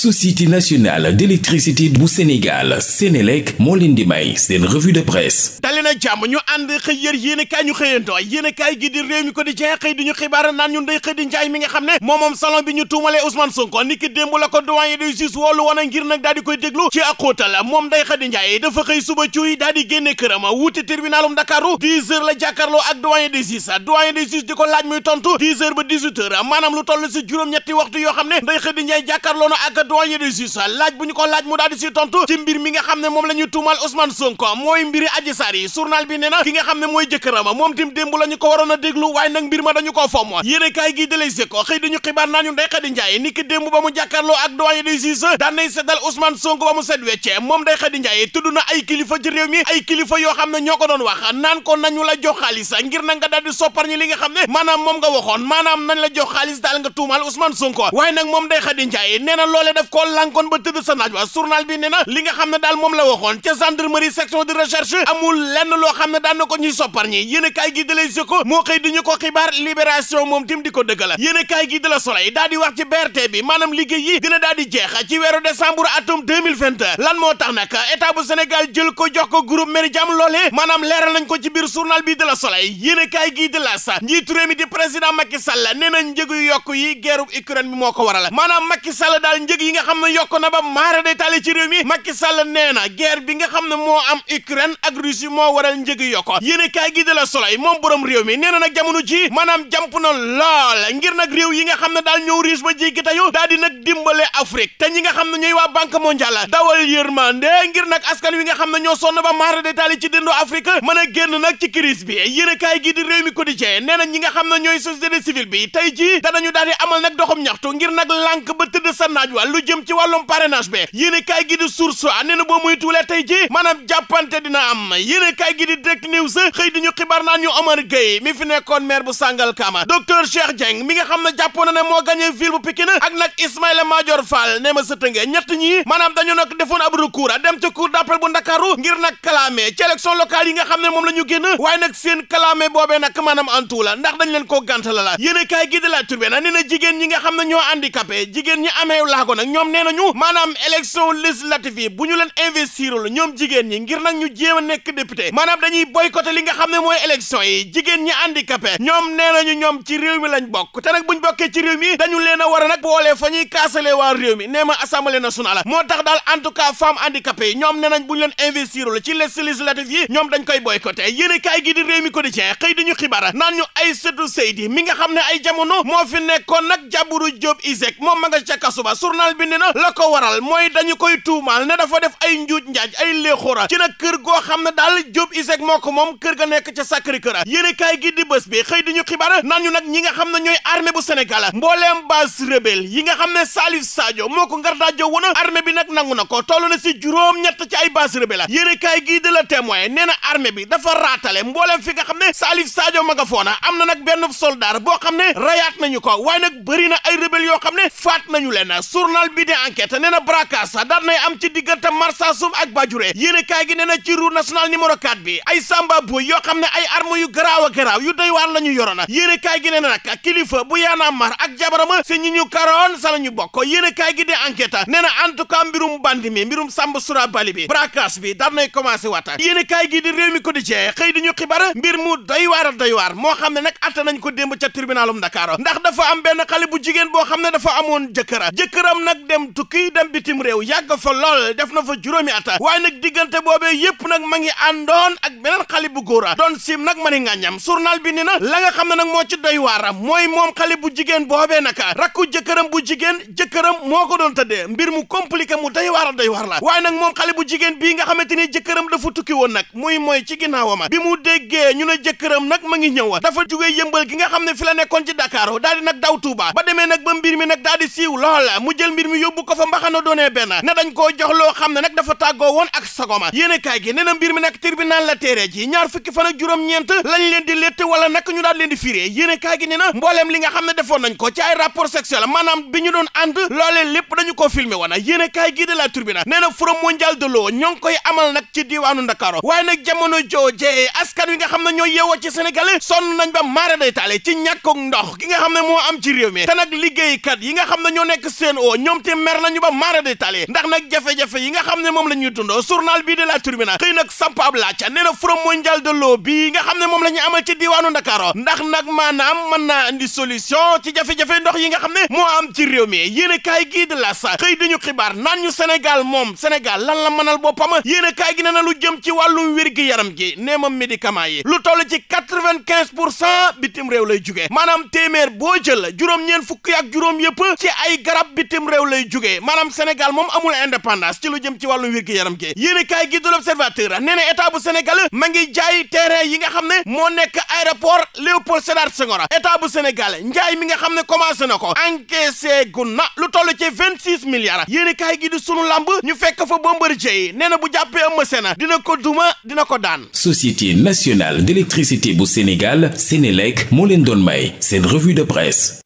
société nationale d'électricité bu Sénégal Sénélec moo leen di may seen revue de presse dali jàmm ñu ànd xëy yër yéen kaay ñu xëyantoo yéen i kaay gi di réew mi ko di jeex xëy di ñu xibaar naan ñun day xëy di njaay mi nga xam ne moom salon bi ñu tuumalee Ousmane Sonko niki démb la ko doyen de justice woolu woon a ngir nag daal di koy déglu ci ak xóotal moom day xëy di njaay dafa xëy suba cuuy daal génne këram wuute tribunalum Dakaru ne doyen de justice laaj bu ñu ko laaj mu daal di si ci mbir mi nga xam ne moom la ñu tuumal Ousmane Sonko mooy mbiri Adji Sarr yi journal bi nee na ki nga xam ne mooy jëkkëram moom tim démb la ko waroon a déglu waaye nag ko xëy dañu xibaar naa ñu Ndeye Khady Ndiaye ba mu jàkkaarloo ak doyen de justice daan nay seddal Ousmane Sonko ba mu set wecce moom Ndeye Khady Ndiaye tudd kilifa ci réew kilifa yoo xam ne ñoo ko doon wax naan ko nañu la jox xaalis ngir na nga daal di soppar ñi li nga xam ne maanaam moom nga waxoon maanaam nañ la jox xaalis daal nga tuumal Ousmane Sonko waaye nag moom Ndeye Khady Ndiaye nee na loole def koo lànkoon ba sa naaj wa journal bi nee na xam ne daal moom la waxoon ca gendarmerie section de recherche amul lenn loo xam ne daan na ko ñuy soppar ñi yéen a kaay gi de Les Échos moo xëy di ñu ko xibaar libération moom tim di ko dëggal yéen a kaay gi de la Soleil daal di wax ci BRT bi maanaam liggéey yi dina daal di jeex ci weeru décembre atum 2020 lan moo tax nag état bu Sénégal jël ko jox ko groupe Méridien loolee maanaam leeral nañ ko ci biir journal bi de la Soleil yéen a kaay gi de la sa njiitu réew mi di président Macky Sall nee na njëg yu yokk yi guerre Ukraine yi nga xam ne na ba maara day tali ci réew mi bi nga xam ne moo am Ukraine ak Russie moo waral njëg yokko yéen kaay gi de la Soleil moom na nag jamono ji maanaam jàmp na nga xam ne daal ñëw riche ba jéggi tayu daal di nag nga xam ne ñooy waa Banque mondiale dawal yërmande ngir nag wi nga xam ne ñoo sonn ba a génn nag ci crise bi yéen kaay gi di réew na ñi nga xam ne ñooy société civile bi tey ji danañu daal di amal nag doxam ñaxtu ngir nag lànk ba tëdd sa naaj wa lu jëm ci wàllum parrainage bi yéen kaay gi di source nee na boo muy tuulee tey ji maanaam jàppante dina am yéen kaay gi di direct news xëy di ñu xibaar naan ñu Omar Gueye mi fi nekkoon maire bu Sangalkam docteur Cheikh Dieng mi nga xam ne jàppoon na ne moo gagné ville bu Pikine ak nag Ismaïla Madior Fall nee ma sa tënge ñett ñi maanaam dañu nag defoon ab recours dem ci cour bu Ndakaaru ngir nag kalaame ci élection locale nga xam ne moom la ñu génn waaye nag seen kalaame boobee nag maanaam leen koo gàntal la ñi nga xam ne ñoo handicapé jigéen ñi amee laago ñoom nee nañu maanaam élection législative yi bu ñu leen investirul ñoom jigéen ñi ngir nag ñu jéem a nekk député maanaam dañuy boycotté li nga xam ne mooy élection yi jigéen ñi handicapé ñoom nee nañu ñoom ci réew mi lañ bokk te nag ñu bokkee ci réew mi dañu leen a war nag boolee fa ñuy kaasalee waa réew mi nee ma assemblée nationale moo tax daal en tout cas femme handicapé yi ñoom nee nañ bu ñu leen investirul ci les législatives yi ñoom dañ koy boycotté yéen kaay gi di réew mi quotidien ñu xibaar naan ñu ay sëtu Seydi mi nga xam ne ay jamono moo fi nekkoon nag jaburu Jóob Iseg moom ma ca kaso ba bind na la ko waral mooy dañu koy tuumaal ne dafa def ay njuuj njaaj ay léexoora ci nag kër goo xam ne daal Jóob Iseg moo ko moom kër ga nekk ca Sacré Cœur yéenekaay gi di bés bi xëy di ñu xibaar naan ñu nag ñi nga xam ne ñooy armée bu Sénégal mbooleem base yi nga xam ne Salif Sadio moo ko ngar daajoo woon armée bi nag nangu na ko toll na si juróom-ñett ci ay base rebelle yéenekaay gi di la témoin nee na armée bi dafa raatale mbooleem fi nga xam ne Salif Sadio ma nga foona am na nag benn soldat boo xam ne rayaat nañu ko waaye nag bëri na ay rebelle yoo xam ne faat nañu leen journal bi di enquête nee na braquage daan nay am ci diggante Marsassoum ak Bajure yéene kaay gi nee na ci route nationale numéro 4 bi ay samba boy yoo xam ne ay arme yu garaaw a garaaw yu doy waar la ñu yoroon yéene kaay gi nee na nag kilifa bu yaana mar ak jabarama si ñi ñu karoon sa la ñu bokk yéene kaay gi di enquête nee na en tout cas mbirum bandi mi mbirum Samba Sura Bali bi braquage bi daan nay commencé waata yéene kaay gi di réew mi quotidien xëy di ñu xibaar mbir mu doy waar a doy waar moo xam ne nag atte nañ ko démb ca tribunalum Dakar ndax dafa am benn xale bu jigéen boo xam ne dafa amoon jëkkëra jëkkëram nag dem tukki dem bitim réew yàgg fa lool def na fa juróomi at nag diggante boobee yépp nag ma ngi àndoon ak beneen xale bu góor a doon nag ma ni ngàññam journal bi ni na la nga xam ne nag moo ci doy waaram mooy moom xale bu jigéen boobee naka rakku jëkkëram bu jigéen jëkkëram moo ko doon tëddee mbir mu compliqué mu doy waar a doy waar la waaye nag moom xale bu jigéen bii nga xamante ni jëkkëram dafa tukki woon nag muy mooy ci ginnaawama bi mu déggee ñu ne jëkkëram nag ma ngi ñëw dafa jugee yëmbal gi nga xam ne fi la nekkoon ci Dakar daal di nag daw Touba ba demee nag ba mbir mi nag daal di siiw lool mu mbir mi yóbbu ko fa mbaxana doonee benn ne dañ koo jox loo xam ne nag dafa tàggoo woon ak sagoma yéen kaay gi na mbir mi nag tribunal la teeree ji ñaar fukki fan ak juróom-ñeent lañ leen di létt wala nag ñu daal leen di firee yéen kaay gi na mbooleem li nga xam ne defoon nañ ko ci ay rapport sexuel maanaam bi ñu doon ànd loolee lépp dañu ko filmé woon yéen kaay gi de la tribunal nee na forum mondial de l'eau ñoo amal nag ci diiwaanu Ndakaaru waaye nag yi nga xam ne ñoo ñoom te mer nañu ba maara de tali ndax nag jafe-jafe yi nga xam ne moom la ñuy dundoo journal bii de la Tribune xëy nag samp ab laaj nee na forum mondial nga xam ne moom la ñu amal ci diwaanu Ndakaaru ndax nag maanaam mën naa ndi solution ci jafe-jafe ndox yi nga xam ne moo am ci réew mi yéen a kaay gii de la sa xëy dañu xibaar naan ñu Sénégal moom Sénégal lan la mënal boppam yéen a kaay gi nee na lu jëm ci wàllum wér-gi-yaram gi nee ma médicament yi lu toll ci quatre-vingt-quinze pour cent bitim réew lay jugee maanaam téeméer boo jël juróom-ñeent ak juróom yëpp ci ay garab bitim réew réew lay jugee maanaam Sénégal moom amul indépendance ci lu jëm ci wàllum wér gi yaram gi yéene kaay gi du l'observateur nee na bu Sénégal ma ngi jaay terrain yi nga xam ne moo nekk aéroport Léopold Sédar Senghor état bu Sénégal njaay mi nga xam ne commencé na ko encaissé gu na lu toll ci vingt six milliards yéene kaay gi du sunu lamb ñu fekk fa Bombardier yi nee na bu jàppee Eumeu Sène dina ko duma dina ko daan Société nationale d'électricité bu Sénégal Sénélec moo leen doon may seen revue de presse